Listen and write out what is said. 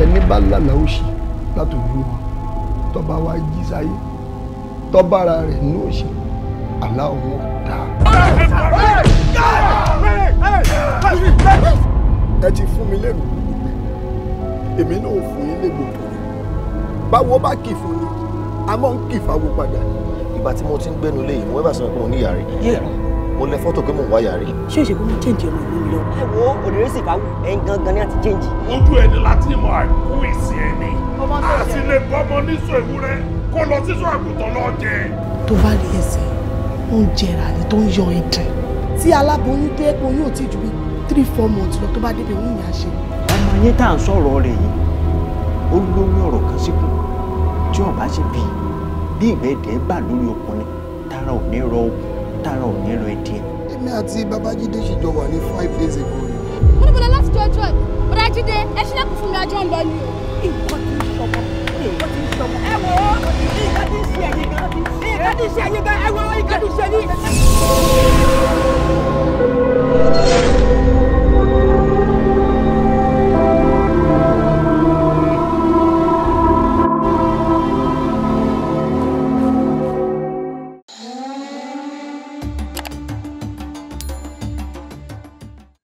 ẹni bá lálàá òṣì látòjú wọn tọba wa jí sáyé tọ́bára rẹ̀ ní òṣì àlá òun dá. ẹ ti fún mi lérò èmi náà ò fún yín légbodò báwo bá kì fún mi a máa ń kì fáwọn padà. ìgbà tí mo ti ń gbẹnu lé yìí mo wẹ́bà sọ pé mo ní ìyá rẹ̀ mo lẹ fọ́tò pé mo wá yàrá. ṣé o ṣe kó mo change ọmọ ìlú mi lọ. ẹ wo òrèrè sì bá wù ẹ gangan ni a ti change. ojú ẹni láti mọ àìkú ìsìn ẹni àti lè gbọmọ níṣọ ewúrẹ́ kó lọ sísọ àgùntàn lọ jẹ. tó bá rí ẹsẹ̀ ó ń jẹrà ni tó ń yọ ẹ̀jẹ̀. tí aláboyún tó ẹ̀pọ̀ yóò ti ju bí three four months lọ tó bá débi òun yà á ṣe. ọmọ yẹn tá à ń sọ̀rọ̀ rẹ̀ yìí ó lórí ọ̀rọ̀ kan síkùn tí ọba ṣe bí bí ìgbẹ́dẹ̀ẹ́ bà lórí ọkùnrin tára ò ní rọ okùn tára ò ní ro etí ẹ. èmi àti babájídé ṣèjọ wà ní five days ago. mo ní bọ́lá láti jọ ọjọ́ ẹ̀ bọ́lá jíde ẹ ṣílẹ̀kùn fún mi ajọ́ ń lọ ni o. nǹkan ti ń ṣọmọ nǹkan ti ń ṣọmọ ẹ wọ nǹkan ti ń ṣe ẹ̀yìn gan nǹkan ti ń ṣe ẹ̀yìn gan ẹ wọ nǹkan ti ń ṣe ẹ̀yìn.